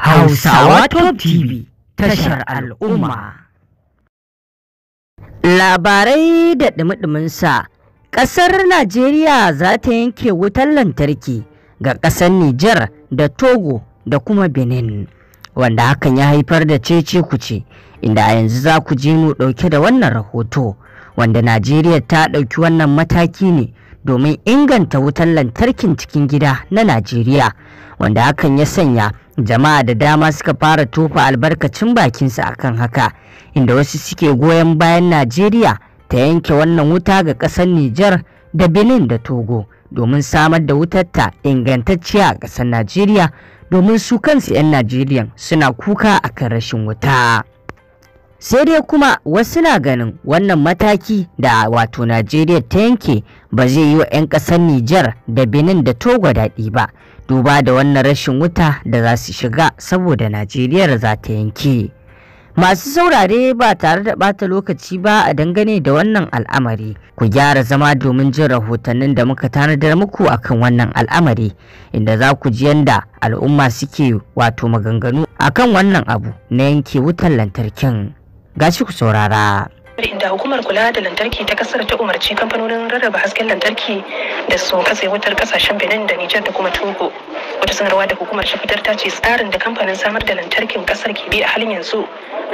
Hausawa Top TV tashar al'umma. Labarai da ɗumi-ɗuminsa ƙasar Najeriya za ta yanke wutar lantarki ga ƙasar Nijar da Togo da kuma Benin wanda hakan ya haifar da cece kuce inda a yanzu za ku je mu ɗauke da wannan rahoto wanda Najeriya ta ɗauki wannan mataki ne domin inganta wutan lantarkin cikin gida na Najeriya wanda hakan ya sanya jama'a da dama suka fara tofa albarkacin bakinsu kan haka inda wasu suke goyon bayan Najeriya ta yanke wannan wuta ga ƙasar Nijar da Benin da Togo domin samar da wutarta ingantacciya a ƙasar Najeriya domin su kansu 'yan Najeriya suna kuka akan rashin wuta. sai dai kuma wasu na ganin wannan mataki da wato najeriya ta yanke ba zai yi wa 'yan ƙasar nijar da benin da togo daɗi ba duba da wannan rashin wuta da za su shiga saboda najeriya za ta yanke masu saurare ba tare da ɓata lokaci ba a dangane da wannan al'amari ku gyara zama domin jin rahotannin da muka tanadar muku akan wannan al'amari inda za ku ji yadda al'umma suke wato maganganu akan wannan abu na yanke wutan lantarkin gashi ku saurara. inda hukumar kula da lantarki ta kasar ta umarci kamfanonin rarraba hasken lantarki da su katse wutar kasashen benin da nijar da kuma togo wata sanarwa da hukumar ta fitar ta ce tsarin da kamfanin samar da lantarkin kasar ke bi a halin yanzu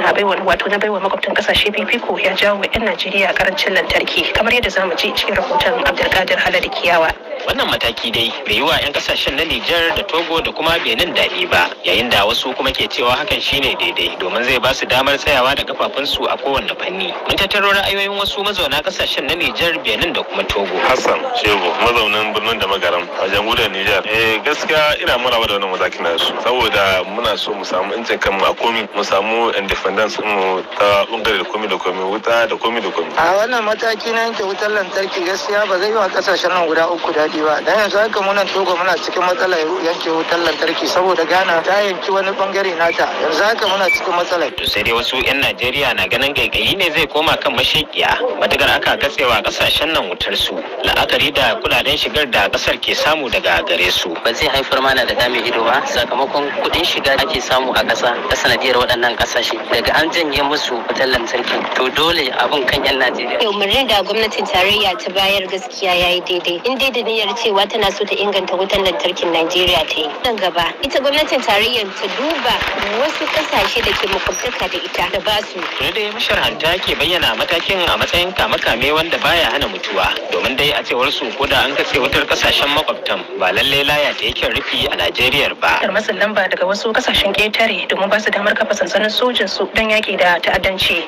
na baiwa wato na baiwa makwabtan kasashe fifiko ya jawo wa 'yan najeriya karancin lantarki kamar yadda zamu ji cikin rahoton abdulkadir halali kiyawa wannan mataki dai bai yi wa 'yan kasashen na nijar da togo da kuma benin daɗi ba yayin da wasu kuma ke cewa hakan shine daidai domin zai ba su damar tsayawa da kafafunsu a kowane fanni mun tattaro ra'ayoyin wasu mazauna kasashen na nijar benin da kuma togo hassan shehu mazaunin birnin da magaram a jamhuriyar nijar eh gaskiya ina maraba da wannan na su saboda muna so mu samu incin kanmu a komi mu samu independence mu ta bangare da komi da komi wuta da komi da komi a wannan mataki na yanke wutar lantarki gaskiya ba zai yi wa kasashen nan guda uku daɗi ba dan yanzu haka nan togo muna cikin matsalar yanke wutar lantarki saboda ghana ta yanki wani bangare nata yanzu haka muna cikin matsalar to sai dai wasu yan najeriya na ganin gaigayi ne zai koma kan mashakiya matakar aka katsewa kasashen nan wutar su la'akari da kudaden shigar da kasar ke samu daga gare su ba zai haifar amana da dame ido ba sakamakon kuɗin shiga ake samu a ƙasa ta sanadiyar waɗannan ƙasashe daga an janye musu wutar lantarki to dole abun kan 'yan Najeriya. Umarnin da gwamnatin tarayya ta bayar gaskiya yayi daidai in dai da niyyar cewa tana so ta inganta wutar lantarkin Najeriya ta yi. Nan gaba ita gwamnatin tarayyar ta duba wasu ƙasashe da ke makwabtaka da ita da ba su. Sai dai hanta ke bayyana matakin a matsayin kame-kame wanda baya hana mutuwa domin dai a cewar su ko da an katse wutar ƙasashen makwabtan ba lallai laya ta yake rufi aiki a Najeriya ba. Kar lamba daga wasu kasashen ƙetare domin ba su damar kafa sansanin sojin su don yaƙi da ta'addanci.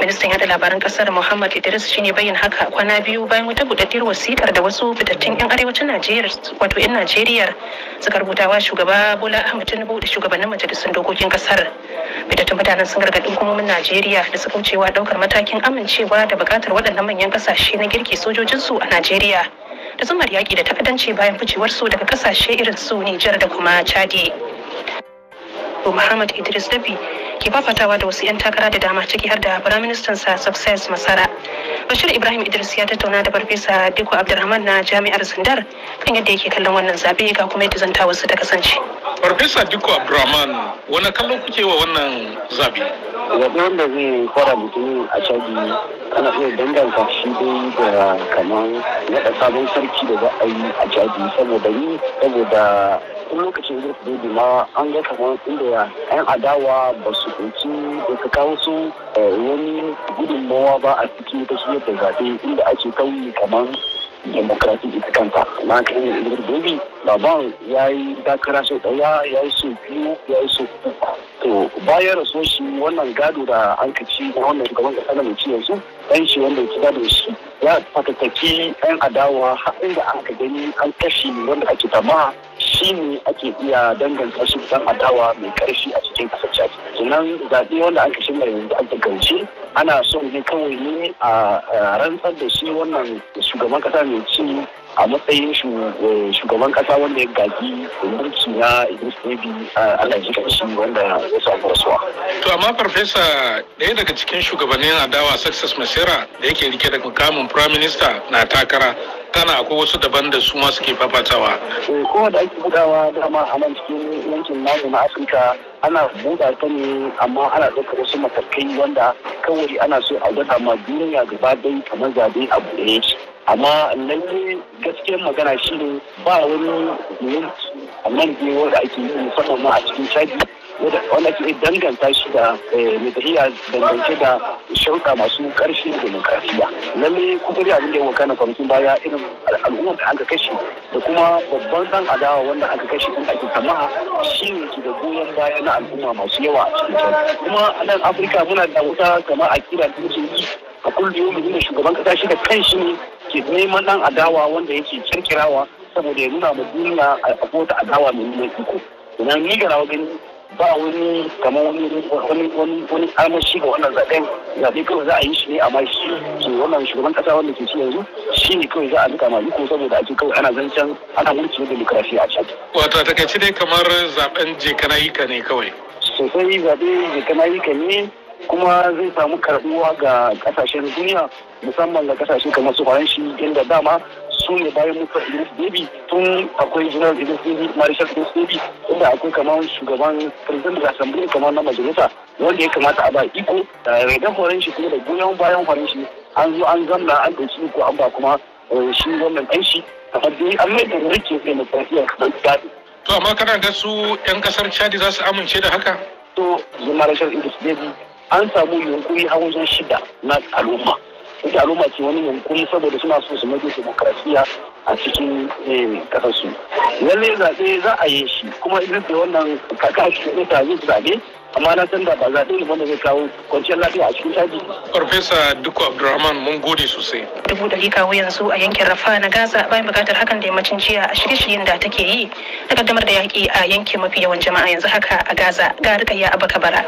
Ministan Yaɗa labaran Ƙasar Muhammad Idris shi ne bayyana haka kwana biyu bayan wata buɗaɗɗiyar wasikar da wasu fitattun 'yan arewacin Najeriya wato 'yan Najeriya suka rubuta wa shugaba Bola Ahmed Tinubu da shugabannin majalisun dokokin Ƙasar. Fitattun mutanen sun gargaɗi hukumomin Najeriya da suka wa ɗaukar matakin amincewa da buƙatar waɗannan manyan ƙasashe na girki sojojinsu a Najeriya. da zumar yaƙi da ta'addanci bayan ficewar su daga kasashe irin su Nijar da kuma Chadi. Muhammad Idris Dabi ke fafatawa da wasu 'yan takara da dama ciki har da Minister sa Success Masara. Bashir Ibrahim Idris ya tattauna da Farfesa Diko Abdulrahman na Jami'ar Zindar kan yadda yake kallon wannan zaɓe, ga kuma yadda wasu ta kasance. Farfesa Diko Abdurrahman wani kallon kuke wa wannan zabi? Zaɓe wanda zai fara mutumin a caji ana iya danganta shi dai da kamar naɗa sabon sarki da za a yi a caji saboda ni saboda kuma lokacin girka baby ma an ga kamar inda yan adawa ba su kunci da ka kawo su eh, wani gudunmawa ba a cikin ta shi yadda zaɓe inda ake kauye kamar demokrasi ita kanta na kan yi dubi baban ya yi dakara sau daya ya yi sau biyu ya yi sau uku to bayan raso shi wannan gado da an ka ci na wannan shugaban kasa da mai yanzu dan shi wanda ya gado shi ya fatattaki yan adawa har inda aka gani an kashe wanda ake tamaha shi ne ake iya danganta shi dan adawa mai karfi a cikin kasar chad sannan zaɓe wanda aka mai yanzu a takaice ana son ne kawai ne a rantsar da shi wannan shugaban kasa mai ci a matsayin eh, shugaban kasa wanda ya gaji mulki na Idris Deby Allah ji shi wanda ya samu rasuwa. To amma farfesa ɗaya daga cikin shugabannin adawa Success Masera da yake rike da mukamin Prime Minister na takara tana akwai wasu daban da su masu ke fafatawa. Eh, kowa da ake bugawa dama a nan cikin yankin namu na Afirka ana buga ta ne amma ana ɗaukar wasu matakai wanda kawai ana so a gada ma duniya gaba dai kamar zaɓe a buɗe amma lalle gaskiyar magana shi ne ba wani mulki a nan biyu wanda ake yi musamman a cikin caji wanda ake danganta shi da mutahiyya eh, dangance da shauka masu karfi da demokrasiya lalle kuma dai abin da ya wakana kwamitin baya irin al'ummar da aka kashe da kuma babban dan adawa wanda aka kashe din ake kama shi ne ke da goyon baya na al'umma masu yawa a cikin caji kuma a nan afirka muna da wuta kamar a da musulmi a kullum da shugaban kasa shi da kan shi ne ke neman dan adawa wanda yake kirkirawa saboda ya nuna ma duniya a kota adawa mai nuna iko idan ni ga rawa gani ba wani kamar wani wani wani wani armashi ga wannan zaben zabe kawai za a yi shi ne amma shi ke wannan shugaban kasa wanda ke ci yanzu shi ne kawai za a duka ma iko saboda ake kawai ana zancen ana mulkin demokrasiya a can. wato takaice dai kamar zaben je kana yi ka ne kawai. sosai zabe je kana yi ka ne kuma zai samu karbuwa ga kasashen duniya musamman ga kasashe kamar su faranshi inda dama su ne bayan mutuwar idris debi tun akwai general idris debi marishal idris debi inda akwai kamar shugaban president da assembly kamar na majalisa wanda ya kamata a ba iko da raidan faranshi kuma da goyon bayan faranshi an zo an zamna an ɗauki ko an ba kuma eh, shi wannan ɗan shi kamar dai an mai da rike sai na tafiya kamar gadi. to amma kana ga su 'yan kasar chadi za su amince da haka? to zuma rashar idris debi an samu yunkuri a wajen shida na al'umma ita al'umma ce wani yunkuri saboda suna so su maje demokrasiya a cikin kasarsu eh, wani zaɓe za a yi shi kuma idan da wannan kaka a cikin ta yi zaɓe amma na san da ba zaɓe ne wanda zai kawo kwanciyar lafiya a cikin daji. farfesa dukku abdurrahman mun gode sosai. dubu ɗari kawo yanzu a yankin rafa na gaza bayan buƙatar hakan da yammacin jiya a shirye-shiryen da take yi na ƙaddamar da yaƙi a yankin mafi yawan jama'a yanzu haka a gaza ga rikayya a bara.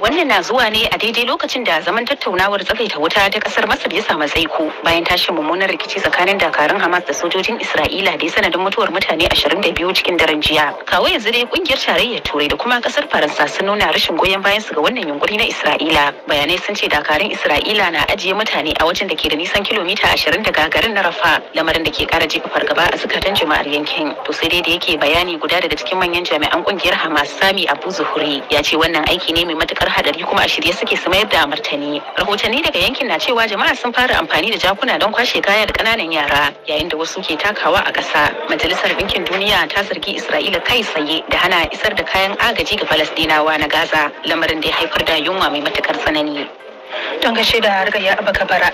Wannan na zuwa ne a daidai lokacin da zaman tattaunawar tsagaita wuta ta kasar Masar ya samu tsaiko bayan tashin mummunan rikici tsakanin dakarun Hamas da sojojin Isra'ila da ya sanadin mutuwar mutane ashirin biyu cikin daren jiya. Kawai yanzu dai kungiyar tarayyar Turai da kuma kasar Faransa sun nuna rashin goyon bayan su ga wannan yunkuri na Isra'ila. Bayanai sun ce dakarun Isra'ila na ajiye mutane a wajen da ke da nisan kilomita ashirin daga garin na Rafa, lamarin da ke kara jefa fargaba a zukatan jama'ar yankin. To sai dai da yake bayani guda daga cikin manyan jami'an kungiyar Hamas Sami Abu Zuhuri ya ce wannan aiki ne mai matukar matukar hadari kuma a shirye suke su mayar da martani rahotanni daga yankin na cewa jama'a sun fara amfani da jakuna don kwashe kaya da kananan yara yayin da wasu ke takawa a ƙasa majalisar ɗinkin duniya ta zargi isra'ila kai tsaye da hana isar da kayan agaji ga falastinawa na gaza lamarin da ya haifar da yunwa mai matukar tsanani don gashe da harkar ya abaka bara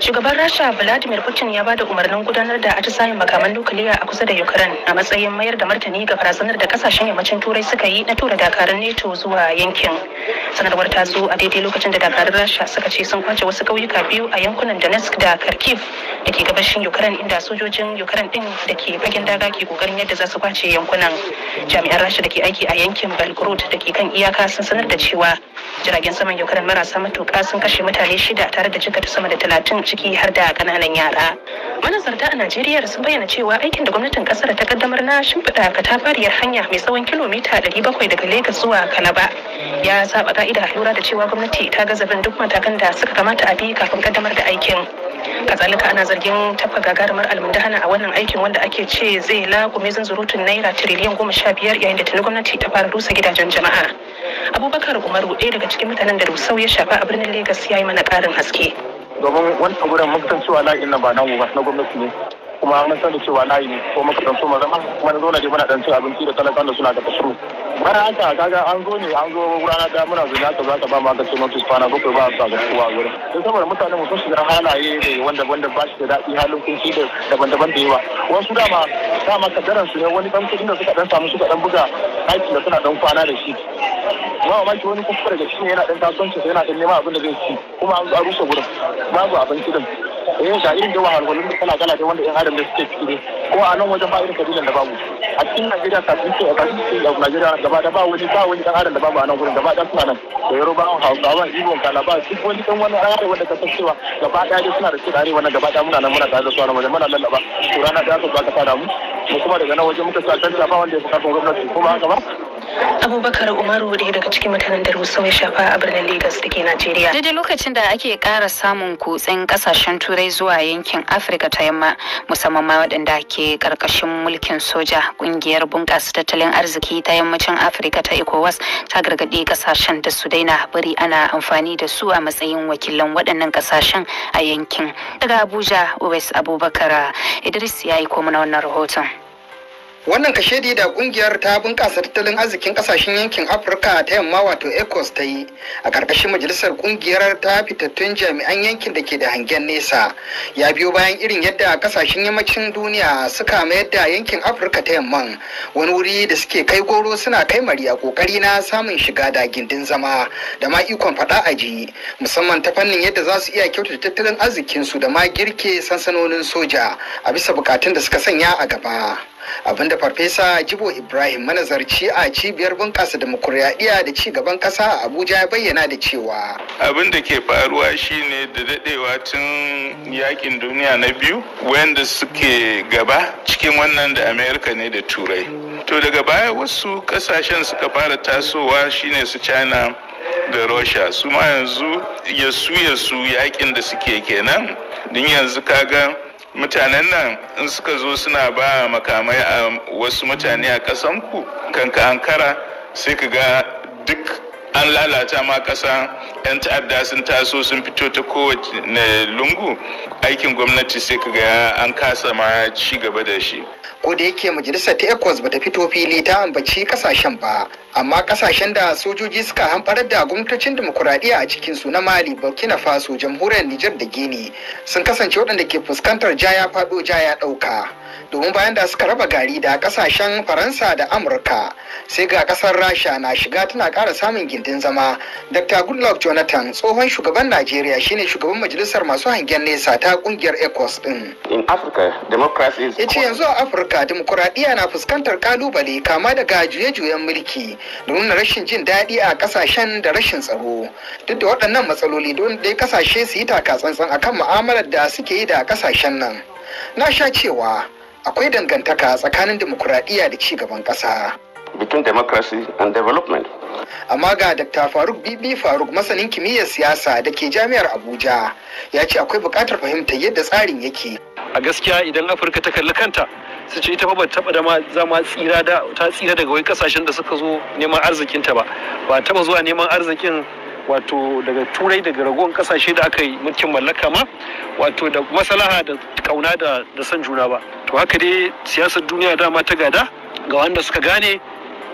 Shugaban Rasha Vladimir Putin ya bada umarnin gudanar da atisayen makaman nukiliya a kusa da Ukraine a matsayin mayar da martani ga barazanar da kasashen yammacin Turai suka yi na tura dakarun NATO zuwa yankin. Sanarwar ta zo a daidai lokacin da dakarun Rasha suka ce sun kwace wasu ƙauyuka biyu a yankunan Donetsk da Kharkiv da ke gabashin ukraine inda sojojin ukraine din da ke fagen daga ke kokarin yadda za su kwace yankunan jami'an rasha da ke aiki a yankin belgrade da ke kan iyaka sun sanar da cewa jiragen saman ukraine marasa matuka sun kashe mutane shida tare da jikata sama da talatin ciki har da kananan yara manazarta a najeriya sun bayyana cewa aikin da gwamnatin kasar ta kaddamar na shimfiɗa katafariyar hanya mai tsawon kilomita 700 daga lagos zuwa kalaba ya saba ka'ida lura da cewa gwamnati ta gaza bin duk matakan da suka kamata a bi kafin kaddamar da aikin kazalika ana zargin tafka gagarumar almundahana a wannan aikin wanda ake ce zai lagume zanzurutun naira tiriliyan goma sha biyar yayin da tuni gwamnati ta fara rusa gidajen jama'a abubakar umaru ɗaya daga cikin mutanen da rusau ya shafa a birnin lagos ya yi mana ƙarin haske domin wannan gurin mutuncewa la'in na ba namu ba na gwamnati ne kuma an san da cewa layi ko muka dan so zama kuma da dole je muna dan cin abinci da talakan da suna da kasuru bara haka kaga an zo ne an zo gurana da muna zuwa ka zaka ba ma kace ce mun tsana ko bakwai ba sa ga kowa gure sai saboda mutane mu sun shiga halaye ne wanda wanda ba shi da dadi halin shi da daban-daban da yawa wasu dama ma kadaran su ne wani dan kudin da suka dan samu suka dan buga aiki da suna dan kwana da shi ba ma wani kuskure da shi yana dan kasuwanci yana dan neman abin da zai ci kuma an zo a rusa gurin babu abinci din eh ga irin da wahalhalun da kana gana da wanda yan adam da suke ciki ne ko a nan wajen ba irin kabilan da babu a cikin Najeriya kafin ce a cikin Najeriya gaba da ba wani ba wani dan adam da babu a nan gurin gaba da suna nan da Yoruba Hausawa Igbo Kalaba duk wani dan wani arewa wanda ka san cewa gaba daya dai suna da su da arewa nan gaba daya muna nan muna tare da su a nan wajen muna lallaba to rana da aka ba ka fara mu mu kuma daga nan wajen muka sa kanta ba wanda ya fi karfin gwamnati kuma haka ba abubakar umaru wuri daga cikin mutanen da rusau ya shafa a birnin lagos da ke najeriya daidai lokacin da ake ƙara samun kutsen kasashen turai zuwa yankin afirka ta yamma musamman ma waɗanda ke karkashin mulkin soja ƙungiyar bunƙasa tattalin arziki ta yammacin afirka ta ecowas ta gargaɗi kasashen da su daina bari ana amfani da su a matsayin wakilan waɗannan kasashen a yankin daga abuja west abubakar idris ya yi mana wannan rahoton wannan kashe da kungiyar ta bunƙasa tattalin arzikin kasashen yankin afirka ta yamma wato ecos ta yi a ƙarƙashin majalisar kungiyar ta fitattun jami'an yankin da ke da hangen nesa ya biyo bayan irin yadda kasashen yammacin duniya suka mayar da yankin afirka ta yamman wani wuri da suke kai goro suna kai mari a ƙoƙari na samun shiga da gindin zama da ma ikon faɗa a ji musamman ta fannin yadda za su iya kyautata tattalin arzikinsu da ma girke sansanonin soja a bisa bukatun da suka sanya a gaba. abinda farfesa jibo ibrahim manazarci a cibiyar bunƙasa demokuraɗiyya da ci gaban ƙasa a abuja ya bayyana da cewa abinda ke faruwa shine da daɗewa tun yakin duniya na biyu wanda suke gaba cikin wannan da amerika ne da turai to daga baya wasu kasashen suka fara tasowa shine su china da russia su ma yanzu yasu yasu yakin da suke kenan din yanzu kaga mutanen nan in suka zo suna ba makamai a wasu mutane a ƙasanku kanka ankara sai ka ga duk an lalata ma ƙasa 'yan ta'adda sun taso sun fito ta kowace lungu aikin gwamnati sai ka ga an kasa ma ci gaba da shi ko da yake majalisar ta ecos bata fito fili ta ambaci kasashen ba amma kasashen da sojoji suka hanfarar da gwamnatocin demokuraɗiyya a cikin su na mali burkina faso jamhuriyar Niger, da gini sun kasance waɗanda ke fuskantar jaya faɗo jaya ɗauka domin bayan da suka raba gari da kasashen faransa da amurka sai ga ƙasar rasha na shiga tana ƙara samun gindin zama dr goodluck jonathan tsohon shugaban najeriya shine shugaban majalisar masu hangen nesa ta ƙungiyar ecos ɗin ya ce yanzu a afirka demokuraɗiyya na fuskantar ƙalubale kama daga juye-juyen mulki da nuna rashin jin daɗi a ƙasashen da rashin tsaro duk da waɗannan matsaloli don dai ƙasashe su yi taka tsantsan akan mu'amalar da suke yi da ƙasashen nan na sha cewa akwai dangantaka tsakanin dimokuraɗiyya da ci gaban ƙasa between democracy and development. Amma ga Dr. Faruk Bibi Faruk masanin kimiyyar siyasa da ke jami'ar Abuja ya ce akwai buƙatar fahimtar yadda tsarin yake. A gaskiya idan Afirka ta kalli kanta su ce ita fa bata taba dama zama tsira da ta tsira daga wai kasashen da suka zo neman arzikin ta ba ba taba zuwa neman arzikin wato daga turai daga ragon kasashe da aka yi mulkin mallaka ma wato da masalaha da kauna da da san juna ba to haka dai siyasar duniya dama ta gada ga wanda suka gane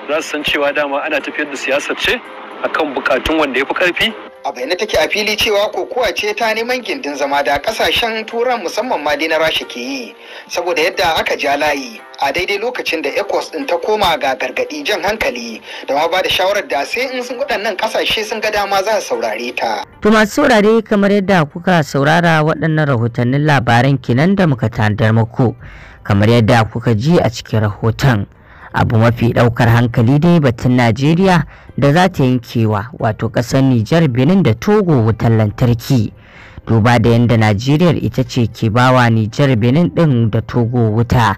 za su san cewa dama ana tafiyar da siyasar ce akan bukatun wanda ya fi karfi a bayyana take a fili cewa kokowa ce ta neman gindin zama da kasashen turan musamman ma dai na rasha ke yi saboda yadda aka ja layi a daidai lokacin da ecos din ta koma ga gargadi jan hankali da ma ba da shawarar da sai in sun waɗannan kasashe sun ga dama za su saurare ta. to masu saurare kamar yadda kuka saurara waɗannan rahotannin labaran kinan da muka tanadar muku kamar yadda kuka ji a cikin rahoton. abu mafi daukar hankali dai batun najeriya da za ta yankewa wato kasar nijar benin da togo wutar lantarki duba da yadda najeriya ita ce ke bawa nijar benin din da togo wuta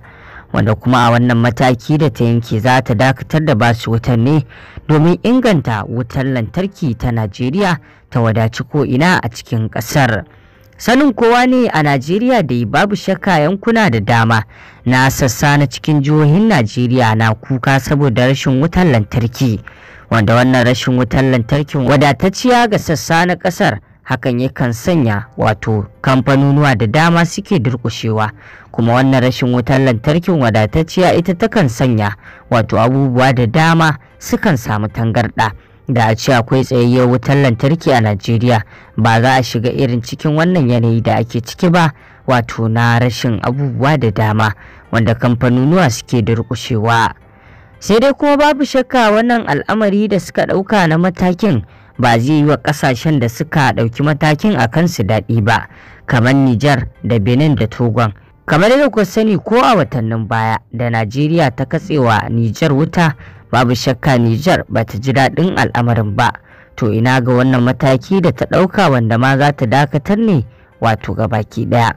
wanda kuma a wannan mataki da ta yanke za ta dakatar da basu wutar ne domin inganta wutar lantarki ta najeriya ta wadaci ko'ina a cikin kasar Sanin kowa ne a Najeriya da babu shakka yankuna da dama na sassa na cikin jihohin Najeriya na kuka saboda rashin wutar lantarki. Wanda wannan rashin wutar lantarkin wadataciya ga sassa na ƙasar hakan yakan sanya wato kamfanonuwa da dama suke durkushewa kuma wannan rashin wutar lantarkin wadatacciya ita takan sanya wato abubuwa da dama sukan samu tangarɗa. da a ce akwai tsayayyar wutar lantarki a najeriya ba za a shiga irin cikin wannan yanayi da ake ciki ba wato na rashin abubuwa da dama wanda kamfanonuwa suke durƙushewa sai dai kuma babu shakka wannan al'amari da suka ɗauka na matakin ba zai yi wa ƙasashen da suka ɗauki matakin a kansu daɗi ba kamar nijar da benin da togon kamar da ku sani ko a watannin baya da najeriya ta katsewa nijar wuta babu shakka Nijar ba ta ji daɗin al'amarin ba to ina ga wannan mataki da ta ɗauka wanda ma za ta dakatar ne wato ga baki ɗaya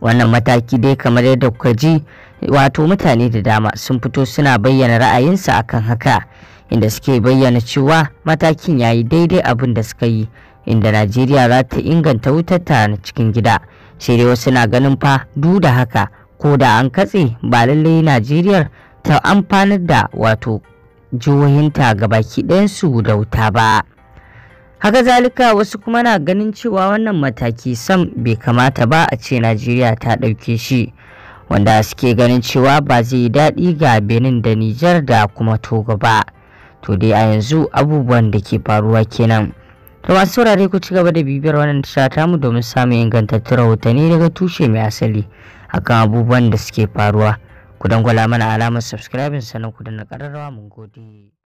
wannan mataki dai kamar yadda kuka ji wato mutane da dama sun fito suna bayyana ra'ayinsu akan haka inda suke bayyana cewa matakin ya yi daidai abin da suka yi inda najeriya za ta inganta wutar ta na cikin gida sai dai wasu na ganin fa duk da haka ko da an katse ba lallai najeriya ta amfanar da wato jihohinta baki ɗayansu da wuta ba haka zalika wasu kuma na ganin cewa wannan mataki sam bai kamata ba a ce najeriya ta ɗauke shi wanda suke ganin cewa ba zai daɗi ga benin da nijar da kuma togo ba to dai a yanzu abubuwan da ke faruwa kenan to masu saurare ku ci gaba da bibiyar wannan tasha mu domin samun ingantattun rahotanni daga tushe mai asali akan abubuwan da suke faruwa ku dangwala mana alamar subscribing sannan ku danna ƙararrawa mun gode